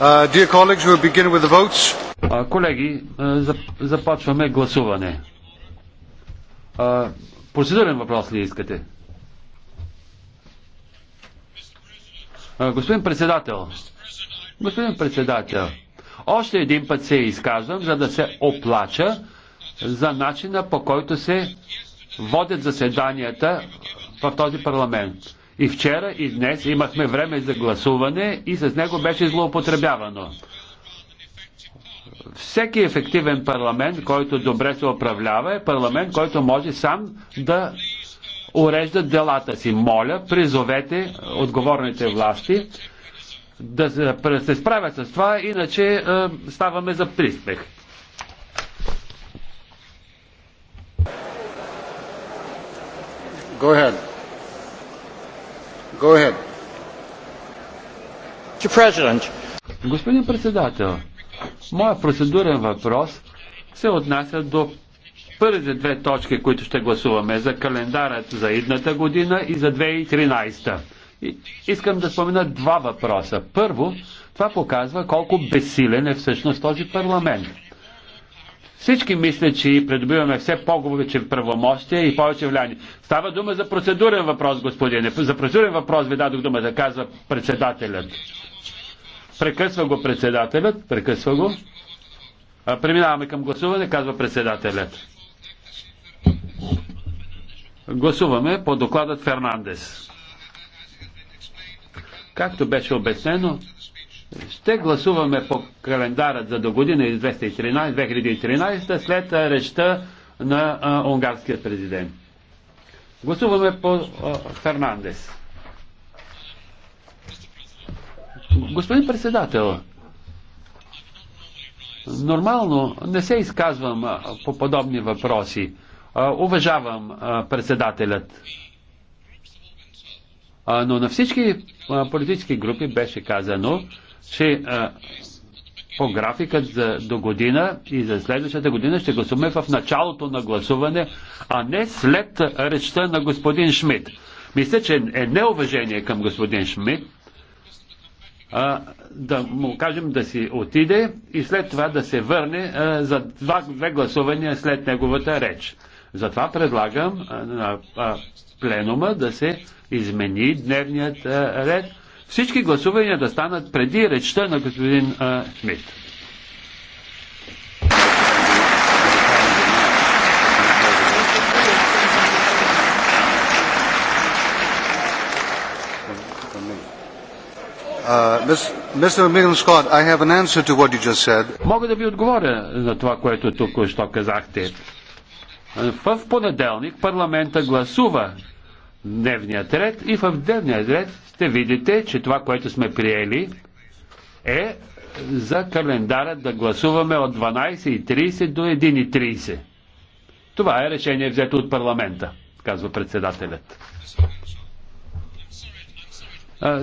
Uh, uh, колеги, uh, започваме гласуване. Процедурен въпрос ли искате? Господин председател, господин председател, още един път се изказвам, за да се оплача за начина по който се водят заседанията в този парламент. И вчера, и днес имахме време за гласуване и с него беше злоупотребявано. Всеки ефективен парламент, който добре се управлява, е парламент, който може сам да урежда делата си. Моля, призовете отговорните власти да се справят с това, иначе е, ставаме за приспех. Go ahead. Go ahead. Господин председател, моя процедурен въпрос се отнася до първите две точки, които ще гласуваме за календарът за едната година и за 2013. искам да спомена два въпроса. Първо, това показва колко безсилен е всъщност този парламент. Всички мислят, че придобиваме все по-големи правомощия и повече влияние. Става дума за процедурен въпрос, господине. За процедурен въпрос ви дадох думата, да казва председателят. Прекъсва го председателят, прекъсва го. А, преминаваме към гласуване, казва председателят. Гласуваме по докладът Фернандес. Както беше обяснено, ще гласуваме по календарът за до година 2013, след речта на а, унгарския президент. Гласуваме по а, Фернандес. Господин председател, нормално не се изказвам а, по подобни въпроси. А, уважавам а, председателят. но на всички политически групи беше казано, че а, по графикът за до година и за следващата година ще гласуваме в началото на гласуване, а не след речта на господин Шмидт. Мисля, че е неуважение към господин Шмидт а, да му кажем да си отиде и след това да се върне а, за два, две гласувания след неговата реч. Затова предлагам а, на а, пленума да се измени дневният а, ред всички гласувания да станат преди речта на господин а, Шмидт. Uh, Мога да ви отговоря за това, което тук що казахте. В понеделник парламента гласува дневният ред и в дневният ред ще видите, че това, което сме приели е за календара да гласуваме от 12.30 до 1.30. Това е решение взето от парламента, казва председателят.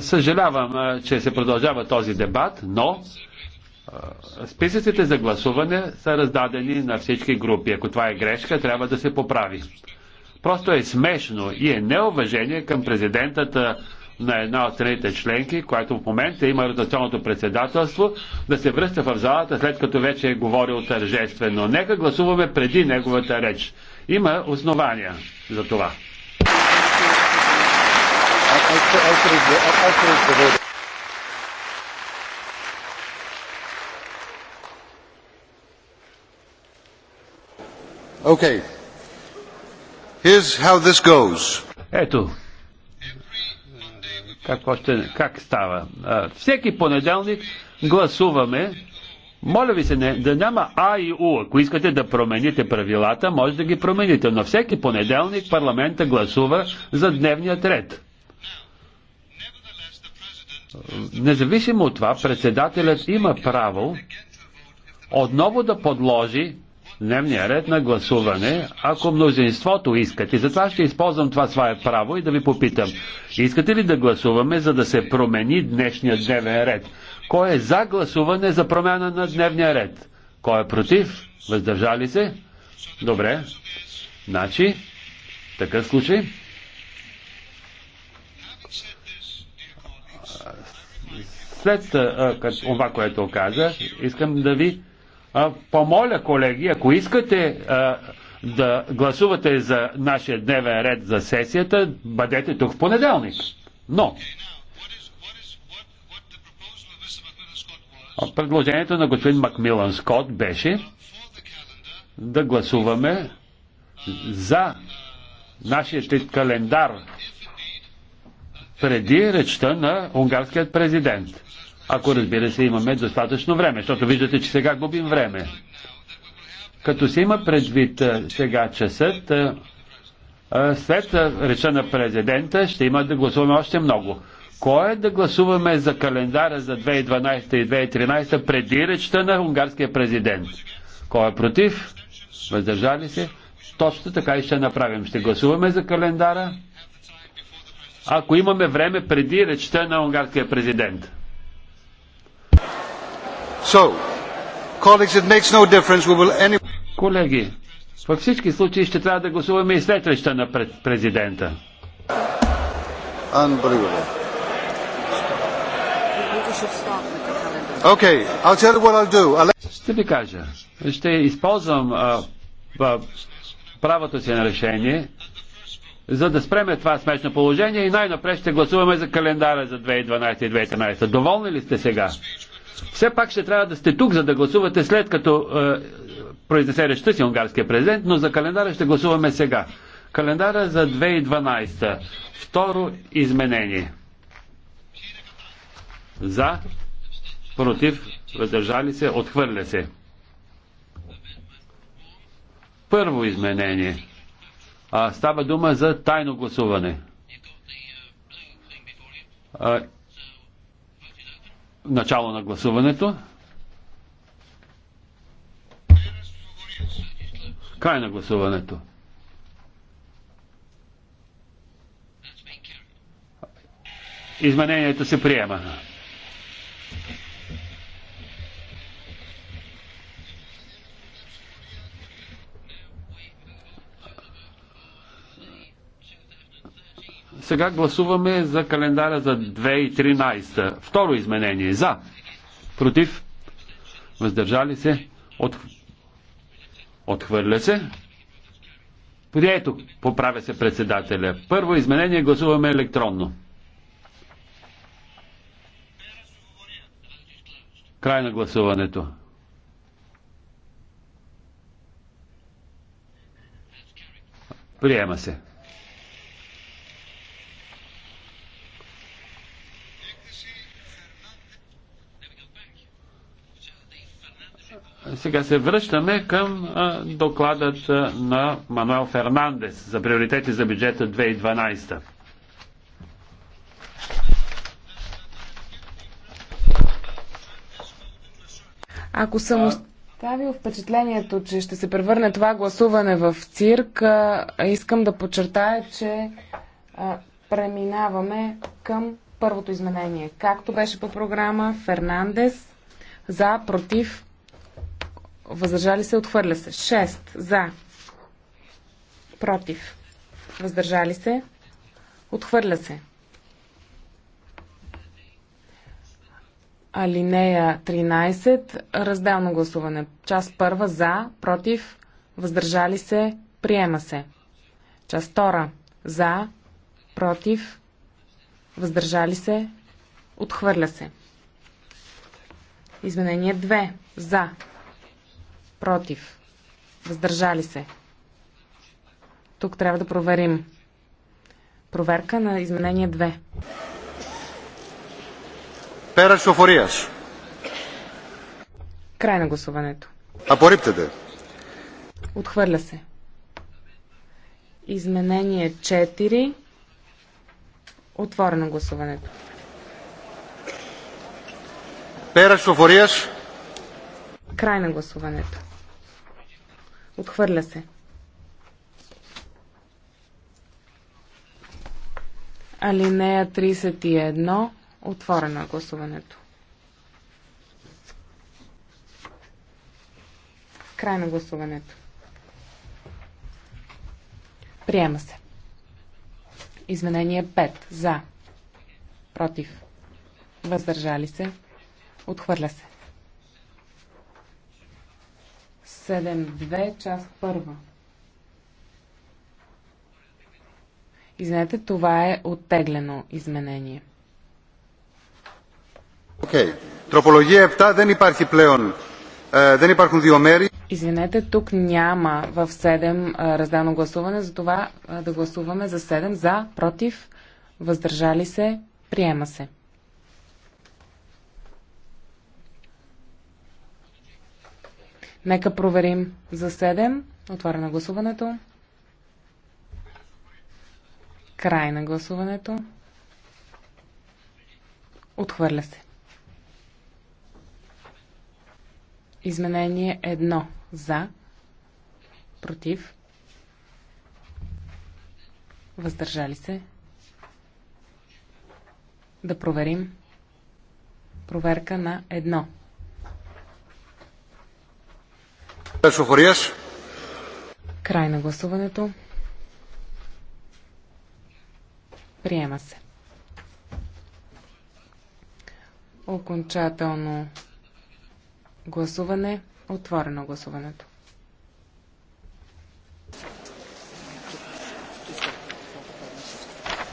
Съжалявам, че се продължава този дебат, но списъците за гласуване са раздадени на всички групи. Ако това е грешка, трябва да се поправи. Просто е смешно и е неуважение към президентата на една от страните членки, която в момента има ротационното председателство, да се връща в залата след като вече е говорил тържествено. Нека гласуваме преди неговата реч. Има основания за това. Okay. Here's how this goes. Ето. Как, още, как става? А, всеки понеделник гласуваме. Моля ви се, не, да няма А и У. Ако искате да промените правилата, може да ги промените. Но всеки понеделник парламента гласува за дневният ред. Независимо от това, председателят има право отново да подложи дневния ред на гласуване, ако мнозинството искат. И затова ще използвам това свое право и да ви попитам. Искате ли да гласуваме, за да се промени днешния дневен ред? Кой е за гласуване за промяна на дневния ред? Кой е против? Въздържали се? Добре. Значи, такъв случай. След това, което казах, искам да ви помоля, колеги, ако искате да гласувате за нашия дневен ред за сесията, бъдете тук в понеделник. Но, предложението на господин Макмилан Скот беше да гласуваме за нашия календар преди речта на унгарският президент. Ако разбира се имаме достатъчно време, защото виждате, че сега губим време. Като се има предвид сега часът, след реча на президента ще има да гласуваме още много. Кой е да гласуваме за календара за 2012 и 2013 преди речта на унгарския президент? Кой е против? Въздържали се? Точно така и ще направим. Ще гласуваме за календара, ако имаме време преди речта на унгарския президент. So, colleagues, it makes no difference. We will any... Колеги, във всички случаи ще трябва да гласуваме и следваща на президента. Unbelievable. Okay, I'll tell you what I'll do. I'll... Ще ви кажа. Ще използвам а, правото си на решение, за да спреме това смешно положение и най-напред ще гласуваме за календара за 2012 и 2013. Доволни ли сте сега? Все пак ще трябва да сте тук, за да гласувате след като е, произнесе речта си унгарския президент, но за календара ще гласуваме сега. Календара за 2012. Второ изменение. За, против, въздържали се, отхвърля се. Първо изменение. А, става дума за тайно гласуване. А, Начало на гласуването. Край на гласуването. Изменението се приема. Сега гласуваме за календара за 2013. Второ изменение. За. Против. Въздържали се. От... Отхвърля се. Прието, поправя се председателя. Първо изменение гласуваме електронно. Край на гласуването. Приема се. Сега се връщаме към докладът на Мануел Фернандес за приоритети за бюджета 2012. Ако съм оставил впечатлението, че ще се превърне това гласуване в цирк, искам да подчертая, че преминаваме към първото изменение. Както беше по програма, Фернандес за, против, Въздържали се, отхвърля се. 6 за. Против. Въздържали се. Отхвърля се. Алинея 13. Разделно гласуване. Част първа за, против, въздържали се, приема се. Част втора за, против, въздържали се, отхвърля се. Изменение 2. За, против, въздържали се. Тук трябва да проверим. Проверка на изменение 2. Пера Софориас. Край на гласуването. Апориптете. Отхвърля се. Изменение 4. Отворено гласуването. Пера Софориас. Край на гласуването. Отхвърля се. Алинея 31. Отворено е гласуването. Край на гласуването. Приема се. Изменение 5. За. Против. Въздържали се. Отхвърля се. 7.2, част първа. знаете, това е оттеглено изменение. Okay. Тропология 7 δεν υπάρχει плеон. Ε, υπάρχουν δύο μέρη. Извинете, тук няма в 7 е, раздано гласуване, затова е, да гласуваме за 7 за, против, въздържали се, приема се. Нека проверим за 7. Отваря на гласуването. Край на гласуването. Отхвърля се. Изменение 1. За. Против. Въздържали се. Да проверим. Проверка на 1. Край на гласуването. Приема се. Окончателно гласуване. Отворено гласуването.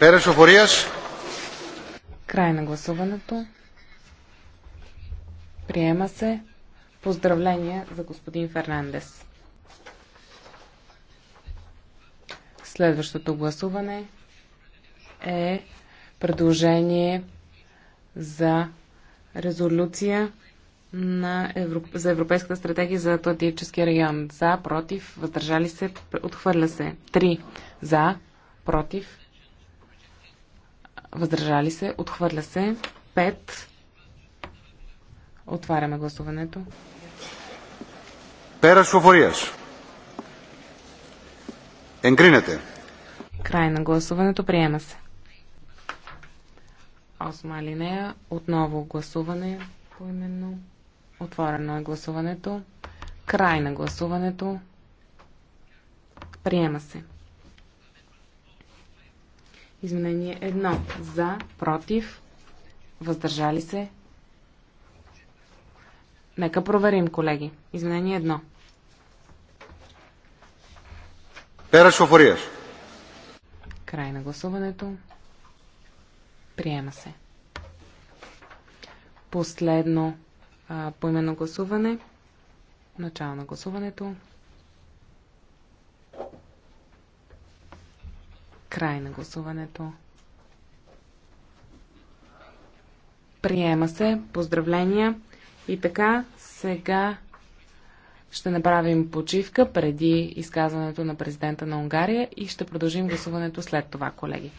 Переш Офориеш. Край на гласуването. Приема се. Поздравления за господин Фернандес. Следващото гласуване е предложение за резолюция на Европ... за Европейската стратегия за Атлантическия район. За, против, въздържали се, отхвърля се. Три. За, против, въздържали се, отхвърля се. Пет. Отваряме гласуването. Πέρας φοφορίας. Εγκρίνεται. Край на гласуването. Приема се. Осма алинея. Отново гласуване поименно. Отворено е гласуването. Край на гласуването. Приема се. Изменение едно. За, против, въздържали се. Нека проверим, колеги. Изменение едно. Пера Шофориеш. Край на гласуването. Приема се. Последно а, поименно гласуване. Начало на гласуването. Край на гласуването. Приема се. Поздравления. И така, сега ще направим почивка преди изказването на президента на Унгария и ще продължим гласуването след това, колеги.